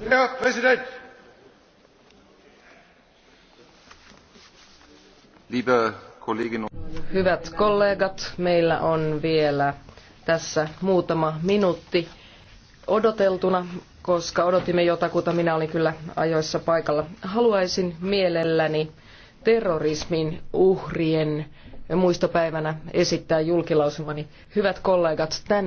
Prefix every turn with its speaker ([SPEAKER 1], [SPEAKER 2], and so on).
[SPEAKER 1] herr präsident
[SPEAKER 2] hyvät kollegat meillä on vielä tässä muutama minuutti odoteltuna koska odotimme jotakuta minä olin kyllä ajoissa paikalla. haluaisin mielelläni terrorismin uhrien muistopäivänä esittää julkilausumani
[SPEAKER 3] hyvät kollegat tänään